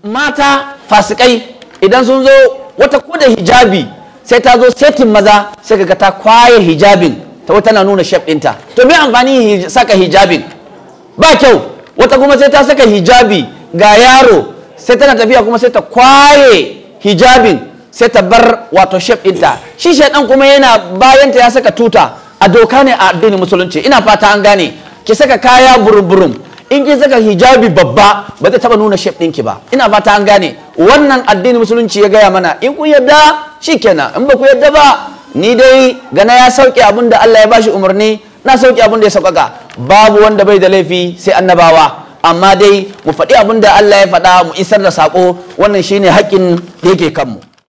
mata fasikai idan sun zo wata ko hijabi sai ta zo setin maza sai kaga ta kwaye hijabin ta wata na nuna shef ɗinta to me amfani saka hijabin ba kyau wata kuma sai ta saka hijabi ga yaro sai tana tafiya kuma sai ta kwaye hijabin sai ta bar wato shef ɗinta shi shaidan kuma yana bayanta ya saka tuta a doka ne a addinin musulunci ina fata an gane ki saka kaya burum burum in kin saka hijabi babba ba zai taba nuna shape ɗinki ba ina fata an gane wannan addinin musulunci ya gaya mana in kun yadda shikenan in ba ku yadda ba ni dai gana ya sauke abin da Allah ya bashi umarni na sauke abin da ya sauƙaƙa babu wanda bai da laifi sai annabawa amma dai mu faɗi abin da Allah ya faɗa mu isar da sako, wannan shine haƙƙin da yake kanmu